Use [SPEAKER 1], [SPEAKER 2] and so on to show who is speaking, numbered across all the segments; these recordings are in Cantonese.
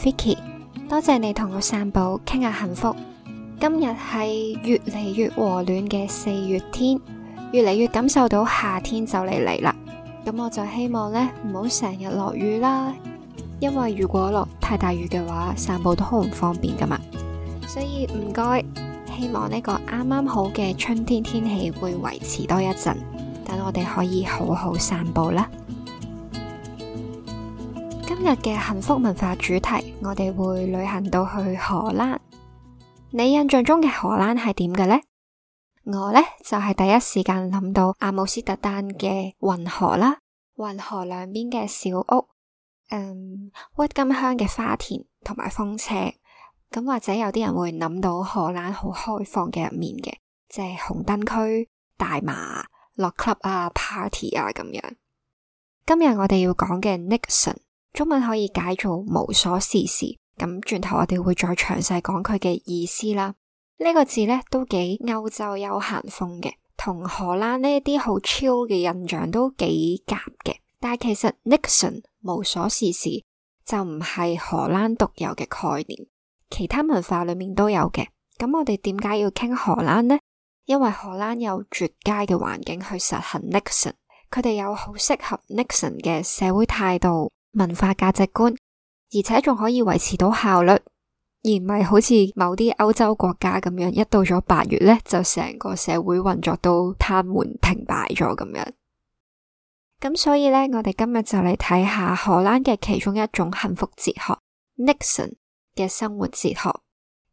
[SPEAKER 1] Vicky，多謝你同我散步，傾下幸福。今日係越嚟越和暖嘅四月天，越嚟越感受到夏天就嚟嚟啦。咁我就希望呢唔好成日落雨啦，因為如果落太大雨嘅話，散步都好唔方便噶嘛。所以唔該，希望呢個啱啱好嘅春天天氣會維持多一陣，等我哋可以好好散步啦。今日嘅幸福文化主題，我哋會旅行到去荷蘭。你印象中嘅荷蘭係點嘅呢？我呢，就係第一時間諗到阿姆斯特丹嘅運河啦，運河兩邊嘅小屋，嗯，鬱金香嘅花田同埋風車。咁或者有啲人會諗到荷蘭好開放嘅一面嘅，即係紅燈區、大麻、落 club 啊、party 啊咁樣。今日我哋要講嘅 Niksen。中文可以解做無所事事，咁轉頭我哋會再詳細講佢嘅意思啦。呢、這個字呢，都幾歐洲有閒風嘅，同荷蘭呢啲好 chill 嘅印象都幾夾嘅。但係其實 Niksen 無所事事就唔係荷蘭獨有嘅概念，其他文化裏面都有嘅。咁我哋點解要傾荷蘭呢？因為荷蘭有絕佳嘅環境去實行 Niksen，佢哋有好適合 Niksen 嘅社會態度。文化價值觀，而且仲可以維持到效率，而唔係好似某啲歐洲國家咁樣，一到咗八月呢，就成個社會運作都癱瘓停擺咗咁樣。咁所以呢，我哋今日就嚟睇下荷蘭嘅其中一種幸福哲學 ——Niksen 嘅生活哲學。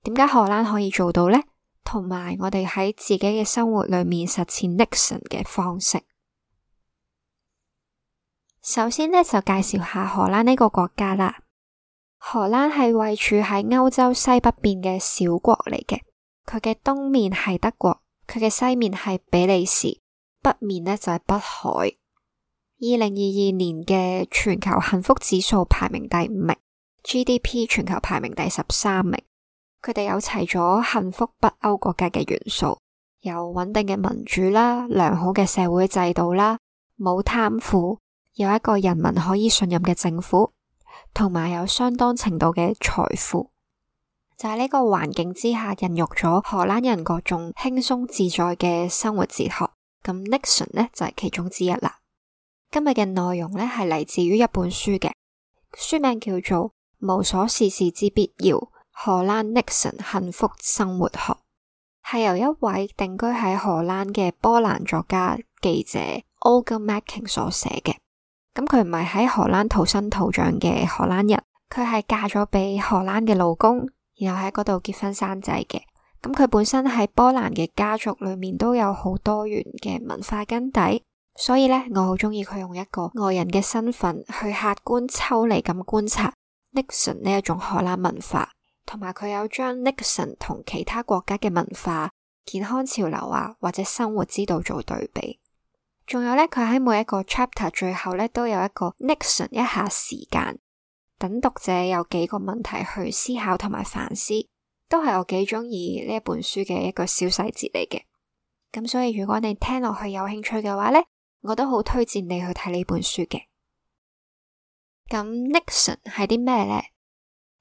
[SPEAKER 1] 點解荷蘭可以做到呢？同埋我哋喺自己嘅生活裏面實踐 Niksen 嘅方式。首先咧，就介紹下荷蘭呢個國家啦。荷蘭係位處喺歐洲西北邊嘅小國嚟嘅。佢嘅東面係德國，佢嘅西面係比利時，北面呢就係北海。二零二二年嘅全球幸福指數排名第五名，GDP 全球排名第十三名。佢哋有齊咗幸福北歐國家嘅元素，有穩定嘅民主啦，良好嘅社會制度啦，冇貪腐。有一個人民可以信任嘅政府，同埋有相當程度嘅財富，就係呢個環境之下孕育咗荷蘭人各種輕鬆自在嘅生活哲學。咁 Niksen 呢就係其中之一啦。今日嘅內容呢，係嚟自於一本書嘅，書名叫做《無所事事之必要：荷蘭 Niksen 幸福生活學》，係由一位定居喺荷蘭嘅波蘭作家記者 Olga Mecking 所寫嘅。咁佢唔係喺荷蘭土生土長嘅荷蘭人，佢係嫁咗俾荷蘭嘅老公，然後喺嗰度結婚生仔嘅。咁佢本身喺波蘭嘅家族裏面都有好多元嘅文化根底，所以咧我好中意佢用一個外人嘅身份去客觀抽離咁觀察 Niksen 呢一種荷蘭文化，同埋佢有將 Niksen 同其他國家嘅文化、健康潮流啊或者生活之道做對比。仲有呢，佢喺每一個 chapter 最後呢，都有一個 Niksen 一下時間，等讀者有幾個問題去思考同埋反思，都係我幾中意呢一本書嘅一個小細節嚟嘅。咁所以如果你聽落去有興趣嘅話呢，我都好推薦你去睇呢本書嘅。咁 Niksen 係啲咩呢？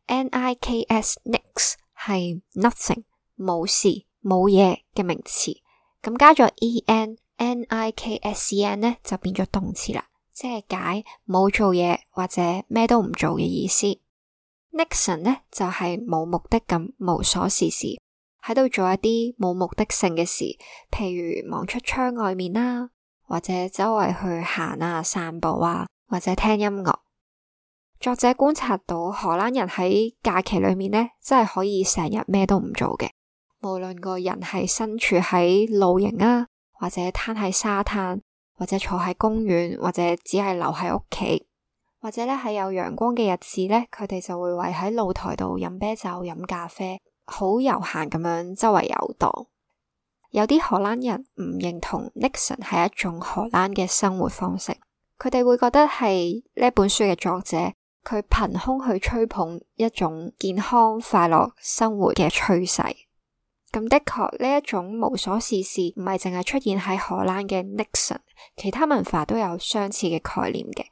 [SPEAKER 1] N I K S，Niks 係 nothing 冇事冇嘢嘅名詞，咁加咗 E N，Niksen 咧，就變咗動詞啦，即係解冇做嘢或者咩都唔做嘅意思。Niksen 咧，就係、是、冇目的咁無所事事，喺度做一啲冇目的性嘅事，譬如望出窗外面啦、啊，或者周圍去行啊、散步啊，或者聽音樂。作者觀察到荷蘭人喺假期裏面咧，真係可以成日咩都唔做嘅，無論個人係身處喺露營啊。或者攤喺沙灘，或者坐喺公園，或者只係留喺屋企，或者咧喺有陽光嘅日子咧，佢哋就會圍喺露台度飲啤酒、飲咖啡，好悠閒咁樣周圍遊蕩。有啲荷蘭人唔認同 Niksen 係一種荷蘭嘅生活方式，佢哋會覺得係呢本書嘅作者，佢憑空去吹捧一種健康快樂生活嘅趨勢。咁的確，呢一種無所事事唔係淨係出現喺荷蘭嘅 Niksen，其他文化都有相似嘅概念嘅。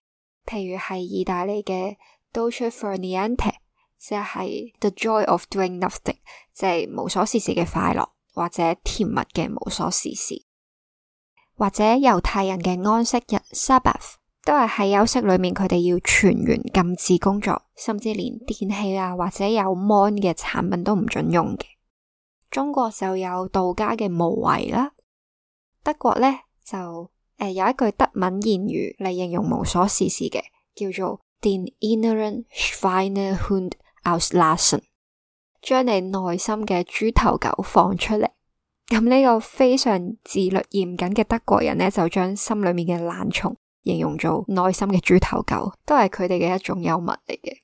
[SPEAKER 1] 譬如係意大利嘅 Dolce far niente，即係 The Joy of Doing Nothing，即係無所事事嘅快樂，或者甜蜜嘅無所事事。或者猶太人嘅安息日 Sabbath 都係喺休息裏面，佢哋要全員禁止工作，甚至連電器啊或者有 mon 嘅產品都唔准用嘅。中國就有道家嘅無為啦，德國呢，就誒、呃、有一句德文諺語嚟形容無所事事嘅，叫做 den inneren Schweinehund auslassen，將你內心嘅豬頭狗放出嚟。咁、嗯、呢、這個非常自律嚴謹嘅德國人呢，就將心裏面嘅懶蟲形容做內心嘅豬頭狗，都係佢哋嘅一種幽默嚟嘅。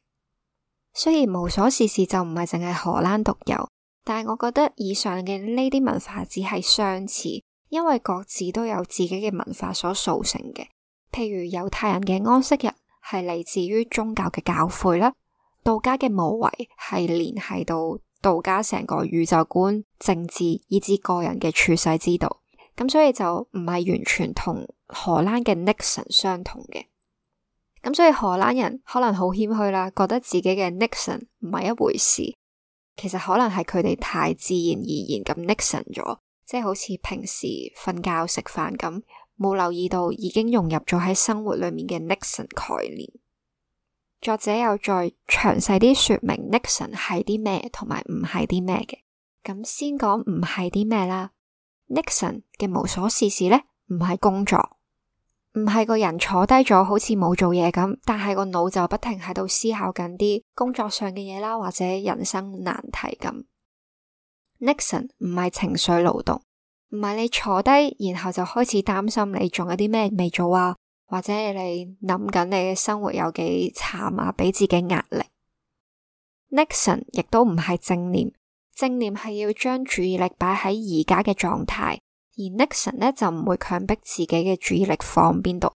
[SPEAKER 1] 雖然無所事事就唔係淨係荷蘭獨有。但係我覺得以上嘅呢啲文化只係相似，因為各自都有自己嘅文化所塑成嘅。譬如猶太人嘅安息日係嚟自於宗教嘅教誨啦，道家嘅無為係聯繫到道家成個宇宙觀、政治以至個人嘅處世之道。咁所以就唔係完全同荷蘭嘅 Niksen 相同嘅。咁所以荷蘭人可能好謙虛啦，覺得自己嘅 Niksen 唔係一回事。其實可能係佢哋太自然而然咁 Niksen 咗，即係好似平時瞓覺食飯咁，冇留意到已經融入咗喺生活裏面嘅 Niksen 概念。作者又再詳細啲說明說 Niksen 係啲咩，同埋唔係啲咩嘅。咁先講唔係啲咩啦，Niksen 嘅無所事事咧，唔係工作。唔係個人坐低咗，好似冇做嘢咁，但係個腦就不停喺度思考緊啲工作上嘅嘢啦，或者人生難題咁。Niksen 唔係情緒勞動，唔係你坐低然後就開始擔心你仲有啲咩未做啊，或者你諗緊你嘅生活有幾慘啊，俾自己壓力。Niksen 亦都唔係正念，正念係要將注意力擺喺而家嘅狀態。而 Niksen 咧就唔會強迫自己嘅注意力放邊度，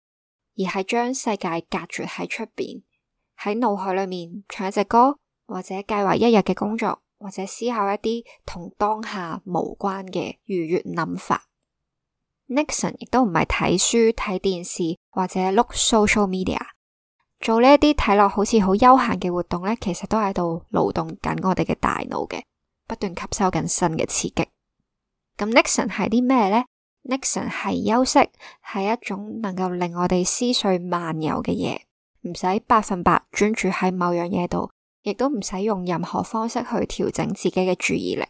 [SPEAKER 1] 而係將世界隔絕喺出邊，喺腦海裏面唱一隻歌，或者計劃一日嘅工作，或者思考一啲同當下無關嘅愉悦諗法。Niksen 亦都唔係睇書、睇電視或者碌 social media，做呢一啲睇落好似好悠閒嘅活動咧，其實都喺度勞動緊我哋嘅大腦嘅，不斷吸收緊新嘅刺激。咁 Niksen 係啲咩呢？Niksen 係休息，係一種能夠令我哋思緒漫遊嘅嘢，唔使百分百專注喺某樣嘢度，亦都唔使用，用任何方式去調整自己嘅注意力。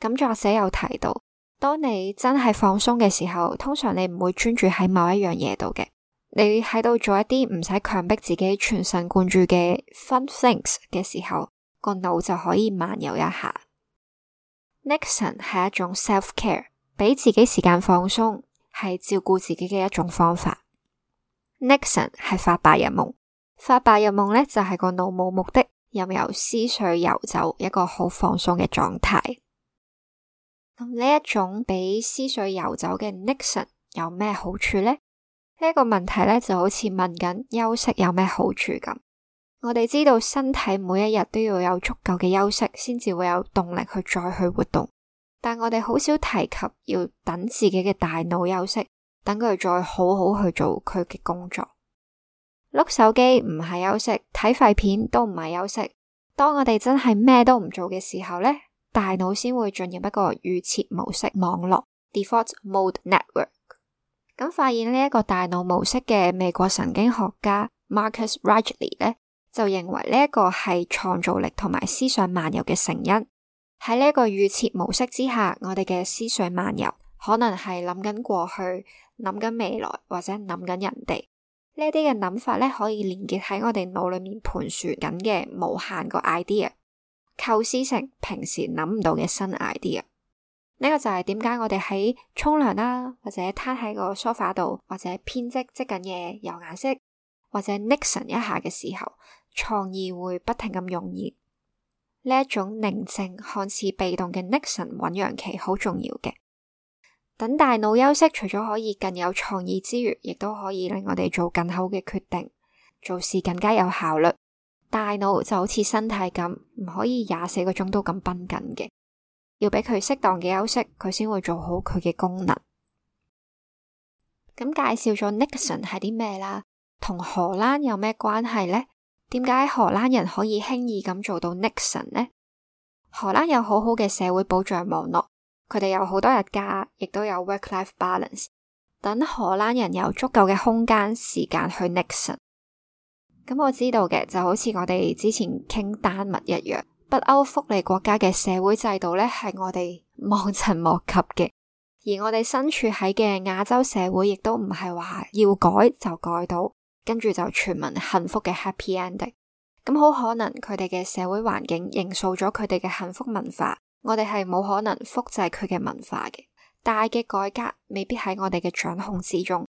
[SPEAKER 1] 咁、嗯、作者又提到，當你真係放鬆嘅時候，通常你唔會專注喺某一樣嘢度嘅，你喺度做一啲唔使強迫自己全神貫注嘅 fun things 嘅時候，個腦就可以漫遊一下。Niksen 係一種 self care，俾自己時間放鬆，係照顧自己嘅一種方法。Niksen 係發白日夢，發白日夢咧就係個腦冇目的，任由思緒游走，一個好放鬆嘅狀態。咁呢一種俾思緒游走嘅 Niksen 有咩好處咧？呢個問題咧就好似問緊休息有咩好處咁。我哋知道身體每一日都要有足夠嘅休息，先至會有動力去再去活動。但我哋好少提及要等自己嘅大腦休息，等佢再好好去做佢嘅工作。碌手機唔係休息，睇廢片都唔係休息。當我哋真係咩都唔做嘅時候呢，大腦先會進入一個預設模式網絡 （default mode network）。咁發現呢一個大腦模式嘅美國神經學家 Marcus Raichle 咧。就認為呢一個係創造力同埋思想漫遊嘅成因。喺呢一個預設模式之下，我哋嘅思想漫遊可能係諗緊過去、諗緊未來或者諗緊人哋呢啲嘅諗法咧，可以連結喺我哋腦裏面盤旋緊嘅無限個 idea，構思成平時諗唔到嘅新 idea。呢、這個就係點解我哋喺沖涼啦，或者攤喺個梳化度，或者編織織緊嘢、油顏色或者 Niksen 一下嘅時候。創意會不停咁湧現，呢一種寧靜看似被動嘅 Niksen 醞釀期好重要嘅。等大腦休息，除咗可以更有創意之餘，亦都可以令我哋做更好嘅決定，做事更加有效率。大腦就好似身體咁，唔可以廿四個鐘都咁繃緊嘅，要俾佢適當嘅休息，佢先會做好佢嘅功能。咁介紹咗 Niksen 係啲咩啦？同荷蘭有咩關係呢？點解荷蘭人可以輕易咁做到 Niksen 呢？荷蘭有好好嘅社會保障網絡，佢哋有好多日假，亦都有 work-life balance，等荷蘭人有足夠嘅空間時間去 Niksen。咁、嗯、我知道嘅就好似我哋之前傾丹麥一樣，北歐福利國家嘅社會制度呢，係我哋望塵莫及嘅，而我哋身處喺嘅亞洲社會亦都唔係話要改就改到。跟住就傳聞幸福嘅 happy ending，咁好可能佢哋嘅社會環境營造咗佢哋嘅幸福文化，我哋係冇可能複製佢嘅文化嘅。大嘅改革未必喺我哋嘅掌控之中，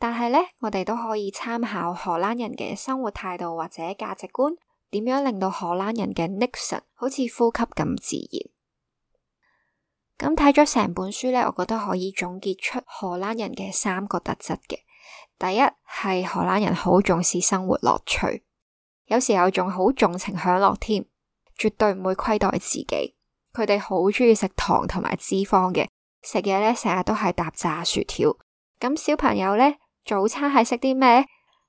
[SPEAKER 1] 但係呢，我哋都可以參考荷蘭人嘅生活態度或者價值觀，點樣令到荷蘭人嘅 Niksen 好似呼吸咁自然。咁睇咗成本書呢，我覺得可以總結出荷蘭人嘅三個特質嘅。第一係，荷蘭人好重視生活樂趣，有時候仲好重情享樂添，絕對唔會虧待自己。佢哋好中意食糖同埋脂肪嘅，食嘢咧成日都係搭炸薯條。咁小朋友咧，早餐係食啲咩？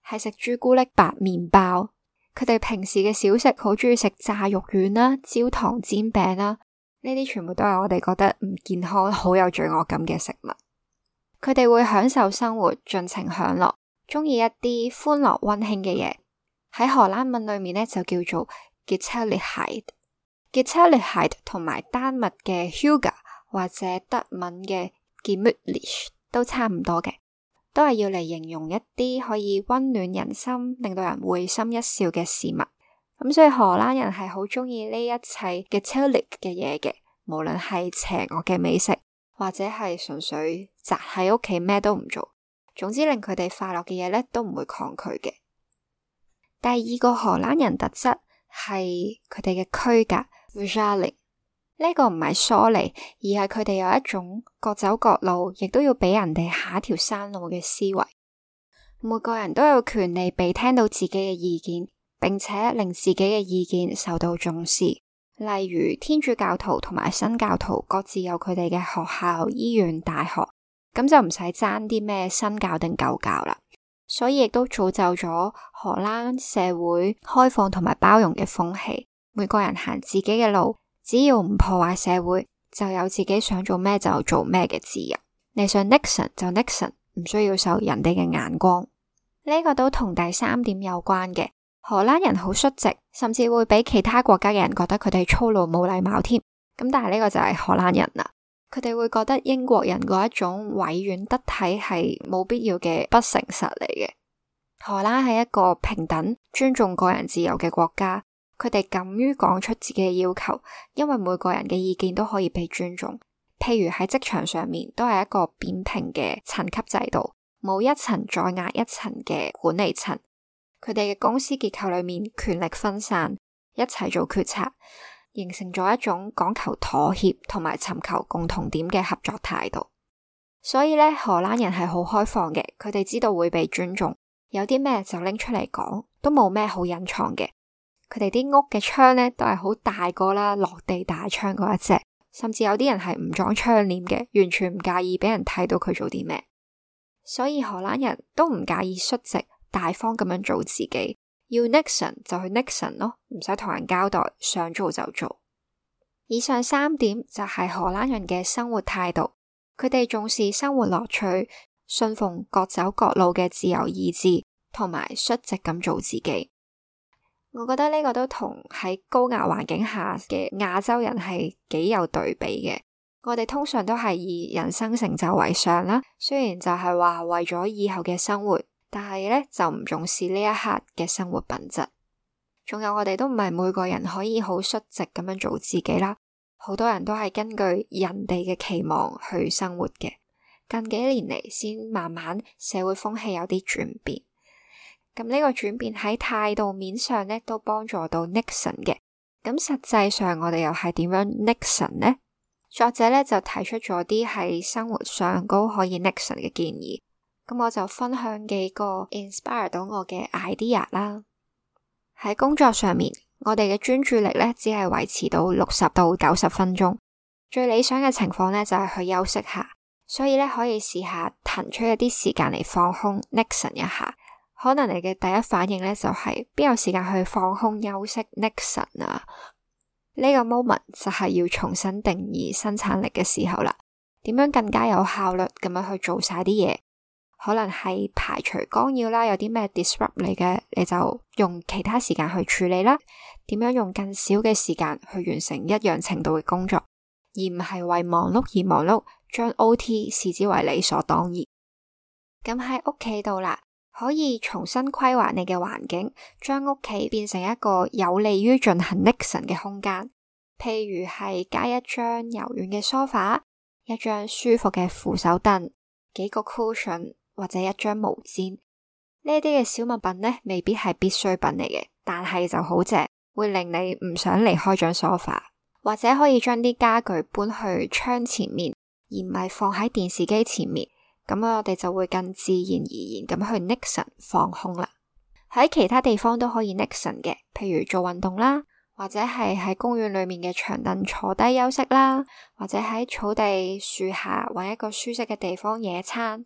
[SPEAKER 1] 係食朱古力白麵包。佢哋平時嘅小食好中意食炸肉丸啦、焦糖煎餅啦，呢啲全部都係我哋覺得唔健康、好有罪惡感嘅食物。佢哋會享受生活，盡情享樂，中意一啲歡樂温馨嘅嘢。喺荷蘭文裏面咧就叫做 gezelligheid，gezelligheid 同埋丹麥嘅 hygge 或者德文嘅 gemütlich 都差唔多嘅，都係要嚟形容一啲可以温暖人心、令到人會心一笑嘅事物。咁所以荷蘭人係好中意呢一切 gezellig 嘅嘢嘅，無論係邪惡嘅美食，或者係純粹宅喺屋企咩都唔做，總之令佢哋快樂嘅嘢呢都唔會抗拒嘅。第二個荷蘭人特質係佢哋嘅區隔 r a t a l，呢個唔係疏離，而係佢哋有一種各走各路，亦都要俾人哋下一條山路嘅思維。每個人都有權利被聽到自己嘅意見，並且令自己嘅意見受到重視。例如天主教徒同埋新教徒各自有佢哋嘅學校、醫院、大學，咁就唔使爭啲咩新教定舊教啦。所以亦都造就咗荷蘭社會開放同埋包容嘅風氣，每個人行自己嘅路，只要唔破壞社會，就有自己想做咩就做咩嘅自由。你想 Niksen 就 Niksen，唔需要受人哋嘅眼光。呢個都同第三點有關嘅。荷蘭人好率直，甚至會俾其他國家嘅人覺得佢哋粗魯冇禮貌添。咁但係呢個就係荷蘭人啦，佢哋會覺得英國人嗰一種委婉得體係冇必要嘅不誠實嚟嘅。荷蘭係一個平等尊重個人自由嘅國家，佢哋敢於講出自己嘅要求，因為每個人嘅意見都可以被尊重。譬如喺職場上面，都係一個扁平嘅層級制度，冇一層再壓一層嘅管理層。佢哋嘅公司結構裏面權力分散，一齊做決策，形成咗一種講求妥協同埋尋求共同點嘅合作態度。所以咧，荷蘭人係好開放嘅，佢哋知道會被尊重，有啲咩就拎出嚟講，都冇咩好隱藏嘅。佢哋啲屋嘅窗咧，都係好大個啦，落地大窗嗰一隻，甚至有啲人係唔裝窗簾嘅，完全唔介意俾人睇到佢做啲咩。所以荷蘭人都唔介意率直。大方咁樣做自己，要 Niksen 就去 Niksen 咯，唔使同人交代，想做就做。以上三點就係荷蘭人嘅生活態度，佢哋重視生活樂趣，信奉各走各路嘅自由意志，同埋率直咁做自己。我覺得呢個都同喺高壓環境下嘅亞洲人係幾有對比嘅。我哋通常都係以人生成就為上啦，雖然就係話為咗以後嘅生活。但係咧，就唔重視呢一刻嘅生活品質。仲有我哋都唔係每個人可以好率直咁樣做自己啦。好多人都係根據人哋嘅期望去生活嘅。近幾年嚟，先慢慢社會風氣有啲轉變。咁呢個轉變喺態度面上咧，都幫助到 Niksen 嘅。咁實際上我哋又係點樣 Niksen 呢？作者咧就提出咗啲喺生活上都可以 Niksen 嘅建議。咁我就分享幾個 inspire 到我嘅 idea 啦。喺工作上面，我哋嘅專注力咧只係維持到六十到九十分鐘，最理想嘅情況咧就係、是、去休息下，所以咧可以試下騰出一啲時間嚟放空、Niksen 一下。可能你嘅第一反應咧就係、是、邊有時間去放空、休息、Niksen 啊？呢、這個 moment 就係要重新定義生產力嘅時候啦。點樣更加有效率咁樣去做晒啲嘢？可能係排除干擾啦，有啲咩 disrupt 嚟嘅，你就用其他時間去處理啦。點樣用更少嘅時間去完成一樣程度嘅工作，而唔係為忙碌而忙碌，將 O.T. 視之為理所當然。咁喺屋企度啦，可以重新規劃你嘅環境，將屋企變成一個有利於進行 Niksen 嘅空間。譬如係加一張柔軟嘅梳化，一張舒服嘅扶手凳，幾個 cushion。或者一張毛氈，呢啲嘅小物品呢未必係必需品嚟嘅，但係就好正，會令你唔想離開張梳化，或者可以將啲家具搬去窗前面，而唔係放喺電視機前面。咁我哋就會更自然而然咁去 Niksen 放空啦。喺其他地方都可以 Niksen 嘅，譬如做運動啦，或者係喺公園裏面嘅長凳坐低休息啦，或者喺草地樹下揾一個舒適嘅地方野餐。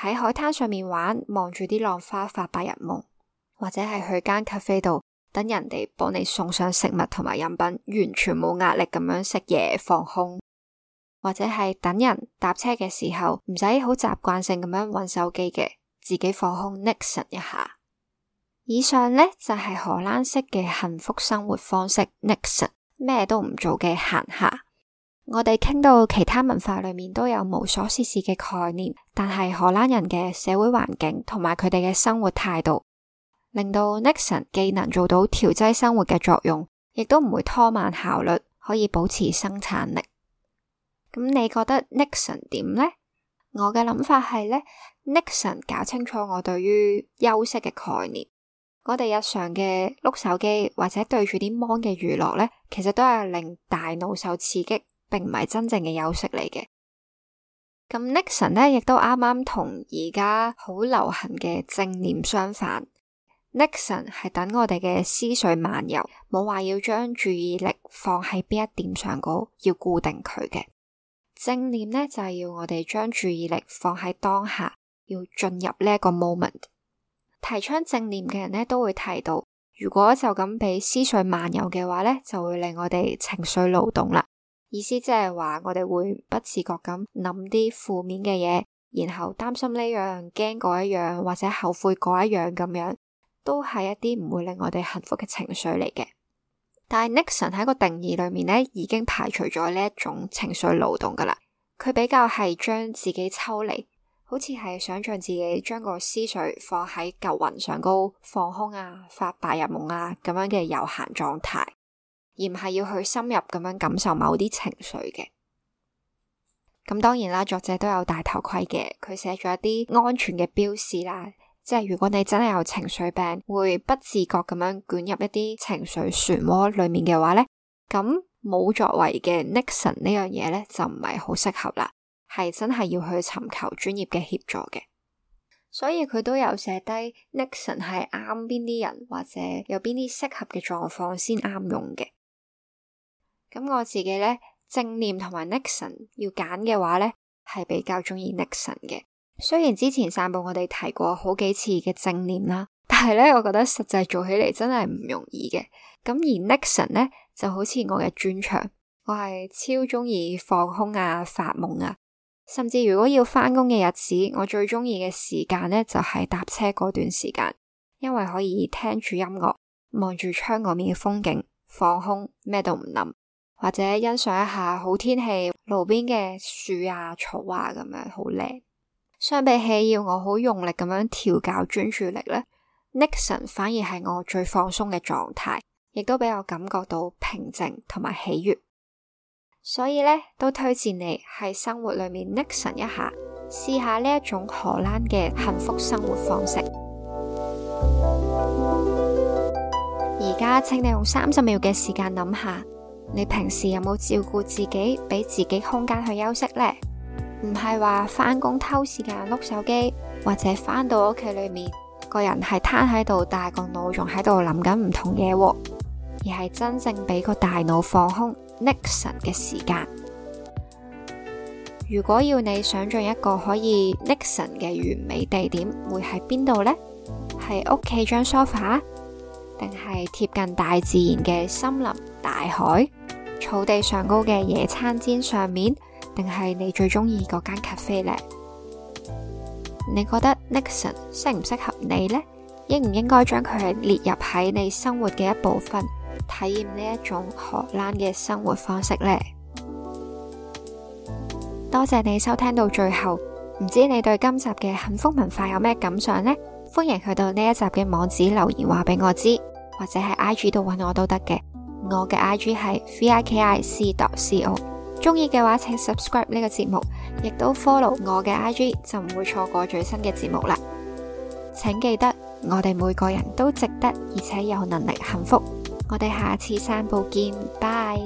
[SPEAKER 1] 喺海灘上面玩，望住啲浪花發白日夢，或者係去間咖啡度等人哋幫你送上食物同埋飲品，完全冇壓力咁樣食嘢放空，或者係等人搭車嘅時候唔使好習慣性咁樣搵手機嘅，自己放空 Niksen 一下。以上呢就係、是、荷蘭式嘅幸福生活方式，Niksen 咩都唔做嘅閒暇。我哋傾到其他文化裏面都有無所事事嘅概念，但係荷蘭人嘅社會環境同埋佢哋嘅生活態度，令到 Niksen 既能做到調劑生活嘅作用，亦都唔會拖慢效率，可以保持生產力。咁你覺得 Niksen 點呢？我嘅諗法係咧，Niksen 搞清楚我對於休息嘅概念。我哋日常嘅碌手機或者對住啲 mon 嘅娛樂咧，其實都係令大腦受刺激。並唔係真正嘅休息嚟嘅。咁 Niksen 咧，亦都啱啱同而家好流行嘅正念相反。Niksen 係等我哋嘅思緒漫遊，冇話要將注意力放喺邊一點上個，要固定佢嘅正念咧，就係、是、要我哋將注意力放喺當下，要進入呢一個 moment。提倡正念嘅人咧，都會提到，如果就咁俾思緒漫遊嘅話咧，就會令我哋情緒勞動啦。意思即係話，我哋會不自覺咁諗啲負面嘅嘢，然後擔心呢樣、驚嗰一樣，或者後悔嗰一樣咁樣，都係一啲唔會令我哋幸福嘅情緒嚟嘅。但係 Niksen 喺個定義裏面呢，已經排除咗呢一種情緒勞動噶啦。佢比較係將自己抽離，好似係想象自己將個思緒放喺舊雲上高放空啊，發白日夢啊咁樣嘅悠閒狀態。而唔係要去深入咁樣感受某啲情緒嘅。咁當然啦，作者都有戴頭盔嘅，佢寫咗一啲安全嘅標示啦。即係如果你真係有情緒病，會不自覺咁樣捲入一啲情緒漩渦裏面嘅話呢，咁冇作為嘅 Niksen 呢樣嘢呢，就唔係好適合啦。係真係要去尋求專業嘅協助嘅。所以佢都有寫低 Niksen 係啱邊啲人或者有邊啲適合嘅狀況先啱用嘅。咁我自己呢，正念同埋 Niksen 要揀嘅話呢，係比較中意 Niksen 嘅。雖然之前散步我哋提過好幾次嘅正念啦，但係呢，我覺得實際做起嚟真係唔容易嘅。咁而 Niksen 呢就好似我嘅專長，我係超中意放空啊、發夢啊，甚至如果要翻工嘅日子，我最中意嘅時間呢，就係、是、搭車嗰段時間，因為可以聽住音樂，望住窗外面嘅風景，放空，咩都唔諗。或者欣賞一下好天氣，路邊嘅樹啊、草啊，咁樣好靚。相比起要我好用力咁樣調教專注力呢，Niksen 反而係我最放鬆嘅狀態，亦都俾我感覺到平靜同埋喜悦。所以呢，都推薦你喺生活裏面 Niksen 一下，試下呢一種荷蘭嘅幸福生活方式。而家，請你用三十秒嘅時間諗下。你平時有冇照顧自己，俾自己空間去休息呢？唔係話翻工偷時間碌手機，或者翻到屋企裏面個人係攤喺度，但係個腦仲喺度諗緊唔同嘢，而係真正俾個大腦放空、Niksen 嘅時間。如果要你想象一個可以 Niksen 嘅完美地點，會喺邊度呢？係屋企張梳化，定係貼近大自然嘅森林、大海？草地上高嘅野餐氈上面，定係你最中意嗰間咖啡呢？你覺得 Niksen 適唔適合你呢？應唔應該將佢列入喺你生活嘅一部分，體驗呢一種荷蘭嘅生活方式呢？多謝你收聽到最後，唔知你對今集嘅幸福文化有咩感想呢？歡迎去到呢一集嘅網址留言話俾我知，或者喺 IG 度搵我都得嘅。我嘅 IG 係 vikic.co，中意嘅話請 subscribe 呢個節目，亦都 follow 我嘅 IG 就唔會錯過最新嘅節目啦。請記得，我哋每個人都值得而且有能力幸福。我哋下次散步見，拜。